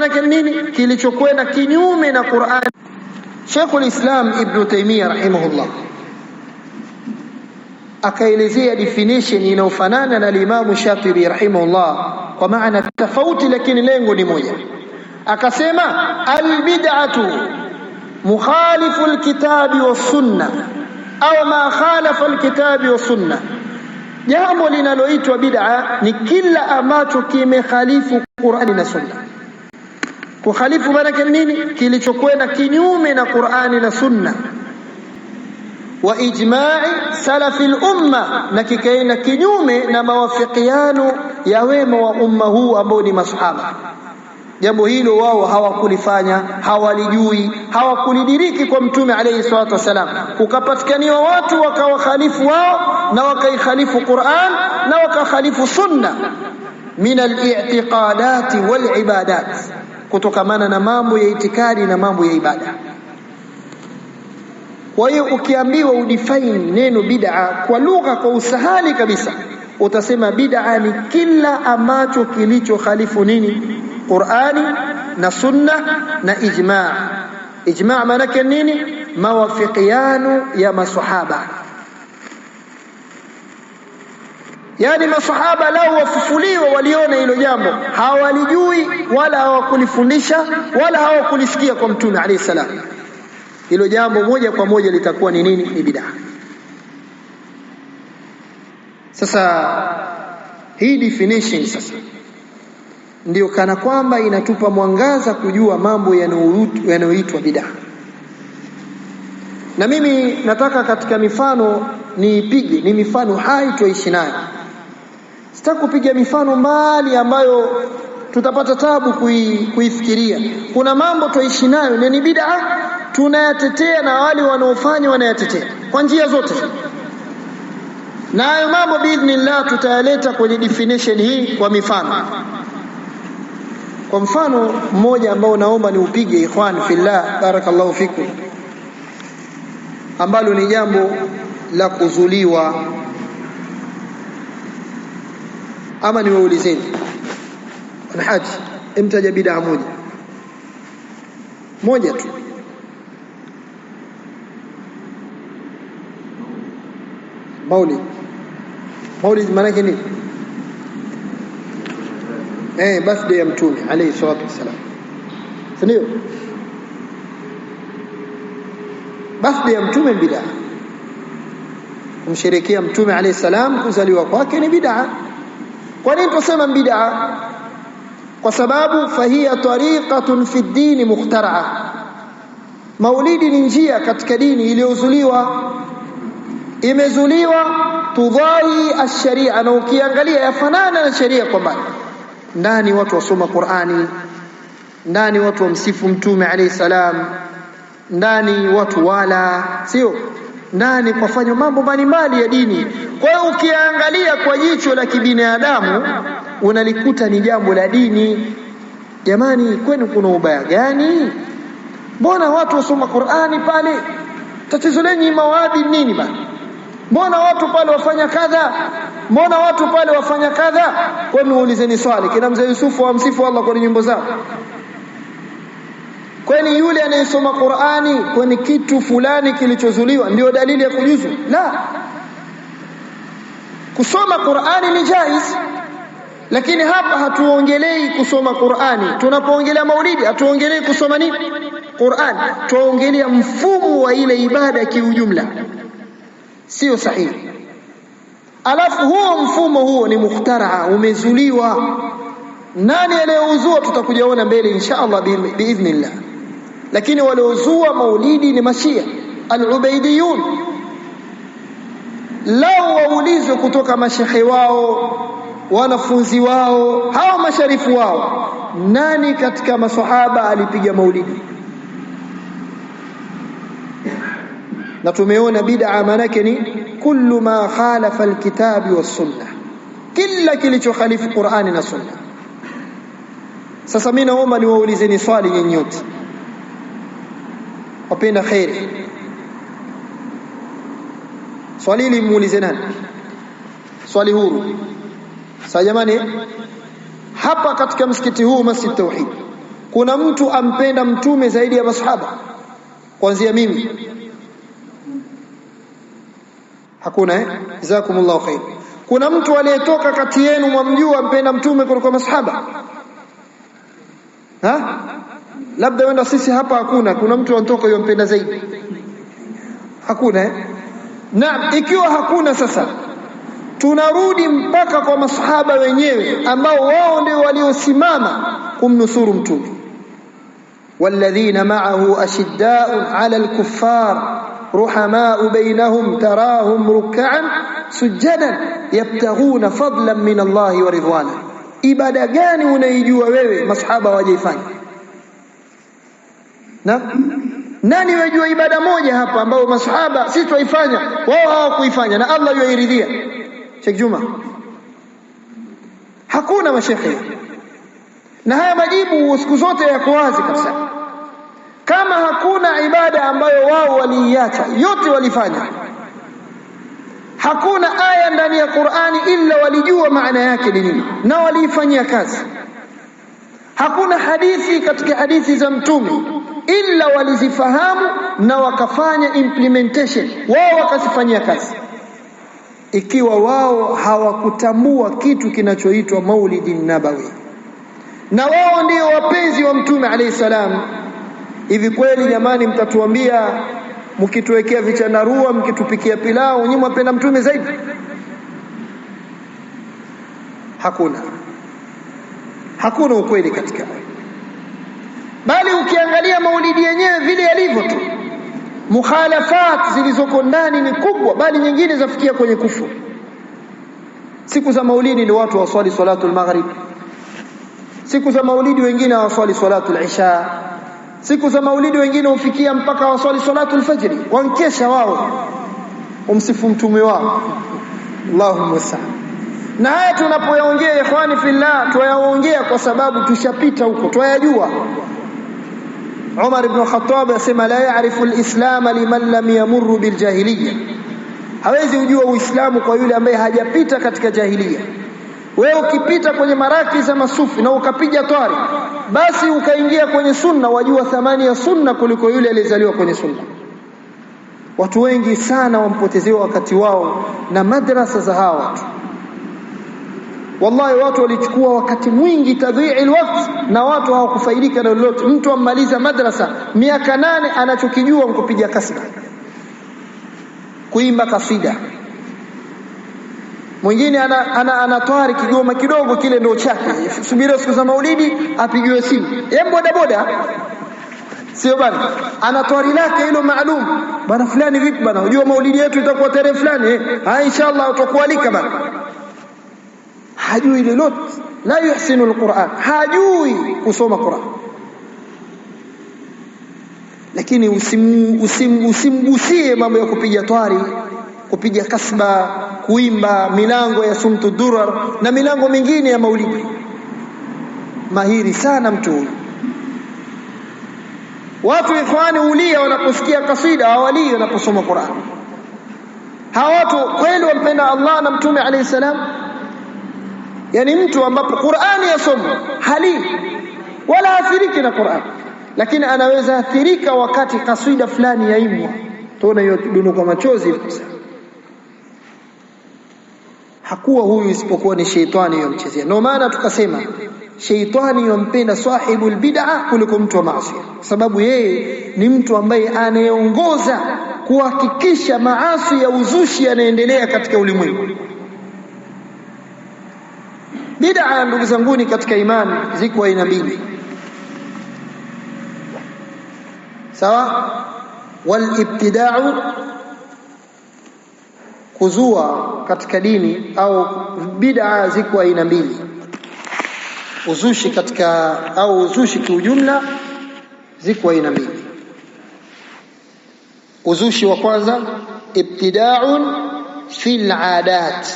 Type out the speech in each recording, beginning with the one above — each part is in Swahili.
Manake nini kilichokwenda kinyume na Qur'an? Sheikhul Islam Ibn Taymiyyah rahimahullah akaelezea definition inayofanana na limamu Shatibi rahimahullah, kwa maana tofauti, lakini lengo ni moja. Akasema albid'atu mukhalifu alkitabi wassunna, au ma khalafa alkitabi wassunna, jambo linaloitwa bid'a ni kila ambacho kimekhalifu Qur'ani na sunna Kukhalifu maanake nini? Kilichokwenda kinyume na Qur'ani na Sunna wa ijma'i salafi al-umma, na kikaenda kinyume na mawafikiano ya wema wa umma huu ambao ni masahaba. Jambo hilo wao hawakulifanya, hawalijui, hawakulidiriki kwa Mtume alayhi salatu wassalam Kukapatikaniwa watu wakawakhalifu wao na wakaikhalifu Qur'an na wakakhalifu Sunna min al-i'tiqadati wal-ibadat kutokamana na mambo ya itikadi na mambo ya ibada. Kwa hiyo ukiambiwa udefine neno bid'a kwa lugha kwa usahali kabisa, utasema bid'a ni kila ambacho kilichokhalifu nini? Qur'ani na sunna na ijma'. Ijma' maanake nini? Mawafikiano ya maswahaba Yaani masahaba lao wafufuliwa waliona hilo jambo, hawalijui wala hawakulifundisha wala hawakulisikia kwa mtume alayhi salam. Hilo jambo moja kwa moja litakuwa ni nini? Ni bidaa. Sasa hii definition sasa ndio kana kwamba inatupa mwangaza kujua mambo yanayoitwa bidaa. Na mimi nataka katika mifano niipige, ni mifano hai tuishi nayo. Sitaki kupiga mifano mbali ambayo tutapata tabu kuifikiria. Kuna mambo twaishi nayo na ni bid'a, tunayatetea na wale wanaofanya wanayatetea kwa njia zote, na hayo mambo biidhnillah tutayaleta kwenye definition hii kwa mifano. Kwa mfano mmoja ambao naomba ni upige ikhwan fillah, barakallahu fikum, ambalo ni jambo la kuzuliwa ama niwaulizeni alhaji emtaja bidaa moja moja tu mauli mauli maana yake nini? Eh, birthday ya Mtume alayhi salatu wassalam, si ndio? ya Mtume bidaa. Kumsherekea Mtume alayhi salam kuzaliwa kwake ni bidaa. Kwa nini tunasema bid'a? Kwa sababu fahiya tariqatun fi dini mukhtaraa, maulidi ni njia katika dini iliyozuliwa, imezuliwa tudhahi asharia, na ukiangalia yafanana na sharia kwa mbali. Ndani watu wasoma Qur'ani, ndani watu wamsifu Mtume alayhi salam, ndani watu wala sio ndani kwafanywa mambo mbalimbali ya dini. Kwa hiyo ukiangalia kwa jicho la kibinadamu unalikuta ni jambo la dini. Jamani, kwenu kuna ubaya gani? Mbona watu wasoma Qur'ani pale? Tatizo lenye mawadi nini ba? Mbona watu pale wafanya kadha? Mbona watu pale wafanya kadha? Kwa ulizeni swali kina mzee Yusufu wa msifu Allah kwa nyimbo zao Kwani yule anayesoma Qur'ani kwani kitu fulani kilichozuliwa ndio dalili ya kujuzu? La, kusoma Qur'ani ni jais lakini hapa hatuongelei kusoma Qur'ani. Tunapoongelea maulidi hatuongelei kusoma nini Qur'ani, tuongelea mfumo wa ile ibada kiujumla, sio sahihi. Alafu huo mfumo huo ni mukhtaraa, umezuliwa. Nani aliyeuzua? Tutakujaona mbele insha Allah biidhnillah lakini waliozua maulidi ni mashia alubaidiyun. Lao waulizwe kutoka mashehe wao wanafunzi wao hawa masharifu wao, nani katika masahaba alipiga maulidi? Na tumeona bid'a maanake ni kullu ma khalafa alkitabi wassunna, kila kilichokhalifu Qur'ani na sunna. Sasa mimi naomba niwaulizeni swali nyenyote wapenda kheri. Swali hili muulize nani? Swali huru. Sasa jamani, hapa katika msikiti huu Masjid Tauhid kuna mtu ampenda mtume zaidi ya masahaba kuanzia mimi? Hakuna eh? Jazakumullahu khair. Kuna mtu aliyetoka kati yenu mwamjua ampenda mtume kuliko masahaba? Ha? labda wenda sisi hapa hakuna, kuna mtu anatoka yompenda zaidi? Hakuna eh? Naam, ikiwa hakuna sasa tunarudi mpaka kwa masahaba wenyewe ambao wao ndio waliosimama kumnusuru mtume, walladhina ma'ahu ashiddaun 'ala al ruhamau bainahum tarahum ruk'an sujadan yabtaghuna fadlan min Allahi wa ridwana. Ibada gani unaijua wewe masahaba wajaifanya? na nani wajua ibada moja hapa ambayo masahaba sisi twaifanya, wao hawakuifanya na Allah yuairidhia. Sheikh Juma, hakuna mashekhe, na haya majibu siku zote yako wazi kabisa. Kama hakuna ibada ambayo wao waliiacha, yote walifanya. Hakuna aya ndani ya Qur'ani ila walijua maana yake ni nini na waliifanyia kazi. Hakuna hadithi katika hadithi za Mtume ila walizifahamu na wakafanya implementation, wao wakazifanyia kazi. Ikiwa wao hawakutambua kitu kinachoitwa maulidi nabawi, na wao ndio wapenzi wa mtume alayhi salam. Hivi kweli jamani, mtatuambia mkituwekea vichandarua, mkitupikia pilau, nyinyi mwapenda mtume zaidi? Hakuna, hakuna ukweli katika bali ukiangalia maulidi yenyewe vile yalivyo tu, mukhalafat zilizoko ndani ni kubwa, bali nyingine zafikia kwenye kufuru. Siku za maulidi ni watu waswali salatu maghrib, siku za maulidi wengine waswali salatu isha, siku za maulidi wengine hufikia mpaka waswali salatu fajri, wankesha wao umsifu mtume wao. Allahumma salli. Na haya tunapoyaongea, ikhwani fillah, tunayaongea kwa sababu tushapita huko, twayajua. Umar ibn Khattab asema la yaarifu lislama liman lam yamuru biljahiliya, hawezi ujua Uislamu kwa yule ambaye hajapita katika jahiliya. Wewe ukipita kwenye maraki za masufi na ukapiga twari, basi ukaingia kwenye sunna, wajua thamani ya sunna kuliko yule aliyezaliwa kwenye sunna. Watu wengi sana wampotezewa wakati wao na madrasa za hawa watu Wallahi, watu walichukua wakati mwingi tadhii alwaqt, na watu hawakufaidika na lolote. Mtu ammaliza madrasa miaka nane, anachokijua mkupiga kasida, kuimba kasida. Mwingine ana, ana, ana, anatwari kigoma kidogo, kile ndio chake. Subiri siku za Maulidi apigiwe simu, hem, boda boda Sio bana, ana twari lake hilo maalum. bana fulani, vipi bana unajua maulidi yetu itakuwa tarehe fulani, eh? ha inshallah utakualika bana hajui lolote, la yuhsinu alquran, hajui kusoma Quran. Lakini usimgusie usim, usim mambo ya kupiga twari, kupiga kasba, kuimba, milango ya sumtu durar na milango mingine ya maulidi. Mahiri sana mtu huyu. Watu ikhwani, ulia wanaposikia kasida, hawalii wanaposoma Qurani. Hawa watu kweli wampenda Allah na Mtume alayhi salam yani mtu ambapo Qur'ani yasoma hali wala athiriki na quran lakini anaweza athirika wakati kaswida fulani yaimwa, tuona hiyo dunu kwa machozi kabisa. Hakuwa huyu isipokuwa ni sheitani yomchezea. Ndio maana tukasema sheitani yompenda sahibul bid'a kuliko mtu wa maasi, kwa sababu yeye ni mtu ambaye anayeongoza kuhakikisha maasi ya uzushi yanaendelea katika ulimwengu. Bid'a ndugu zanguni katika imani ziko aina mbili, sawa. Walibtidau, kuzua katika dini au bid'a, ziko aina mbili, uzushi katika au uzushi kiujumla, ziko aina mbili. Uzushi wa kwanza ibtidaun fil adat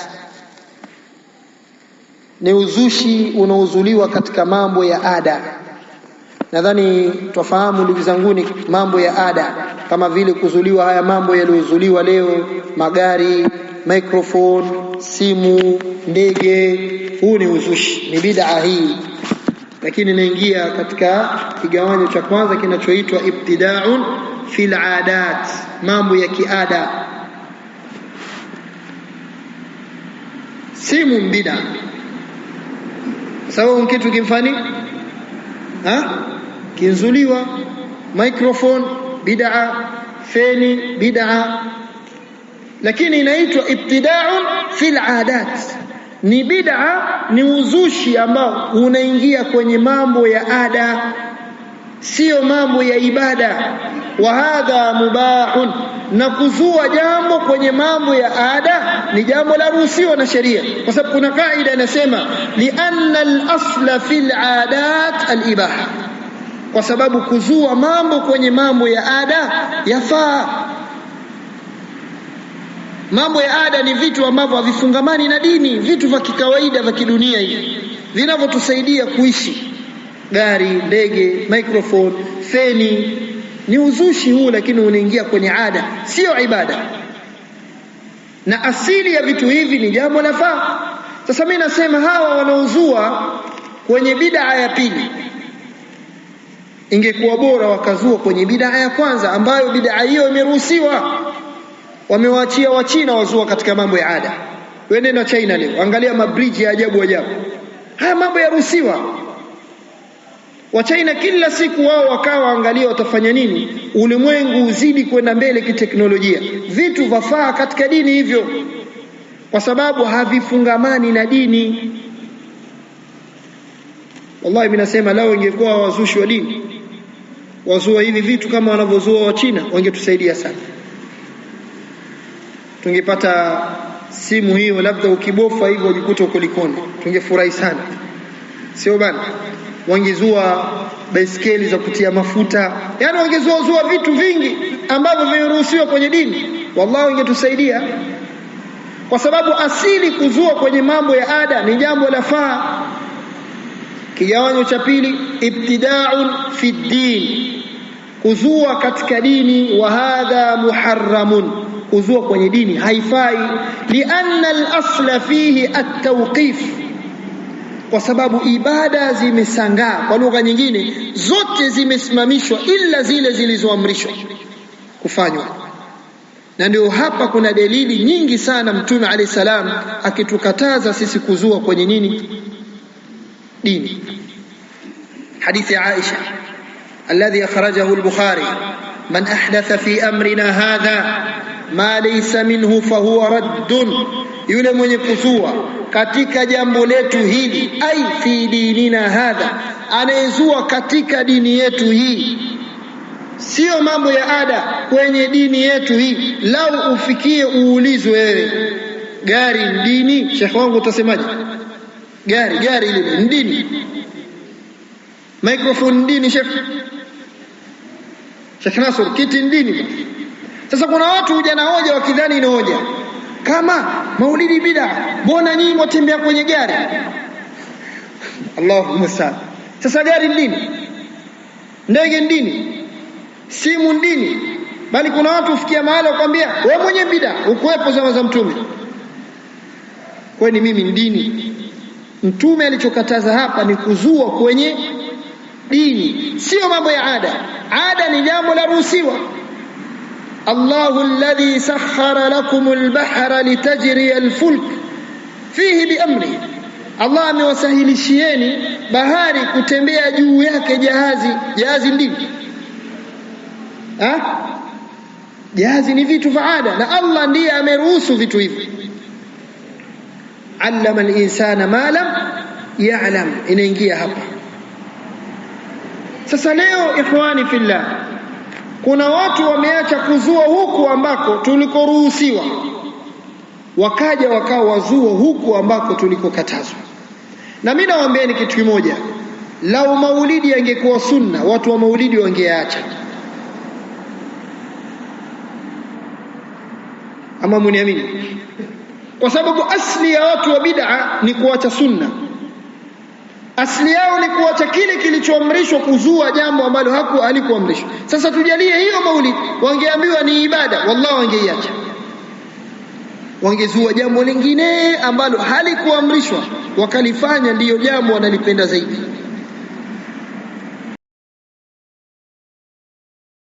ni uzushi unaozuliwa katika mambo ya ada. Nadhani twafahamu ndugu zanguni, mambo ya ada kama vile kuzuliwa haya mambo yaliyozuliwa leo, magari, microphone, simu, ndege. Huu ni uzushi, ni bid'a hii, lakini inaingia katika kigawanyo cha kwanza kinachoitwa ibtidaun fil adat, mambo ya kiada. Simu bid'a sababu kitu kimfani ha kinzuliwa, microphone bid'a, feni bid'a, lakini inaitwa ibtidaun fil adat. Ni bid'a, ni uzushi ambao unaingia kwenye mambo ya ada siyo mambo ya ibada. Wa hadha mubahun, na kuzua jambo kwenye mambo ya ada ni jambo la ruhusiwa na sheria, kwa sababu kuna kaida inasema lianna al-asla fil adat al kwa sababu kuzua mambo kwenye mambo ya ada yafaa. Mambo ya ada ni vitu ambavyo havifungamani na dini, vitu vya kikawaida vya kidunia hivi vinavyotusaidia kuishi gari, ndege, microphone, feni ni uzushi huu, lakini unaingia kwenye ada, sio ibada, na asili ya vitu hivi ni jambo la faa. Sasa mimi nasema hawa wanaozua kwenye bidaa ya pili, ingekuwa bora wakazua kwenye bidaa ya kwanza, ambayo bidaa hiyo imeruhusiwa. Wamewaachia Wachina wazua katika mambo ya ada. Wewe nenda China leo, angalia mabriji ya ajabu ajabu. Haya mambo yaruhusiwa. Wachaina kila siku wao wakawa waangalia watafanya nini, ulimwengu uzidi kwenda mbele kiteknolojia. Vitu vafaa katika dini hivyo, kwa sababu havifungamani na dini. Wallahi, mimi nasema lao ingekuwa wazushi wa dini wazua hivi vitu kama wanavyozua Wachina wangetusaidia sana, tungepata simu hiyo, labda ukibofa hivyo ujikuta uko Likoni, tungefurahi sana, sio bana? wangezua baiskeli za kutia mafuta, yaani wangezua zua vitu vingi ambavyo vimeruhusiwa kwenye dini, wallahi ingetusaidia, kwa sababu asili kuzua kwenye mambo ya ada ni jambo la faa. Kigawanyo cha pili, ibtidaun fi ddin, kuzua katika dini. Wa hadha muharramun, kuzua kwenye dini haifai. Lianna al asla fihi at tawqif kwa sababu ibada zimesangaa, kwa lugha nyingine zote zimesimamishwa ila zile zilizoamrishwa kufanywa. Na ndio hapa kuna dalili nyingi sana Mtume alayhi salam akitukataza sisi kuzua kwenye nini dini. Hadithi ya Aisha, alladhi akhrajahu al-Bukhari, man ahdatha fi amrina hadha ma laysa minhu fahuwa raddun, yule mwenye kuzua katika jambo letu hili, ai fi dinina hadha, anayezua katika dini yetu hii, siyo mambo ya ada, kwenye dini yetu hii. Lau ufikie uulizwe wewe, gari dini? Shekhe wangu utasemaje? Gari gari ile ni dini? Microphone dini? Shekhe Shekhe Nasur, kiti dini? Sasa kuna watu huja na hoja wakidhani ni hoja kama maulidi bida, mbona nyinyi mwatembea kwenye gari? Allahu musta'an. Sasa gari ndini, ndege ndini, simu ndini, bali kuna watu ufikia mahali wakwambia wewe mwenye bida ukuwepo zama za Mtume. ni mimi ndini? Mtume alichokataza hapa ni kuzua kwenye dini, sio mambo ya ada. Ada ni jambo la ruhusiwa الله الذي سخر لكم البحر لتجري الفلك فيه بأمره Allah amewasahilishieni bahari kutembea juu yake jahazi jahazi ndivyo jahazi ni vitu faada na Allah ndiye ameruhusu vitu hivyo allama alinsana ma lam ya'lam inaingia hapa sasa leo ikhwani fillah kuna watu wameacha kuzua huku ambako tulikoruhusiwa, wakaja wakawa wazua huku ambako tulikokatazwa. Na mimi ni kitu kimoja, lau maulidi yangekuwa sunna, watu wa maulidi wangeacha. Ama muniamini, kwa sababu asli ya watu wa bid'a ni kuacha sunna asili yao ni kuacha kile kilichoamrishwa, kuzua jambo ambalo haku alikuamrishwa. Sasa tujalie hiyo mauli wangeambiwa ni ibada, wallahi wangeiacha, wangezua jambo lingine ambalo halikuamrishwa, wakalifanya ndiyo jambo wanalipenda zaidi.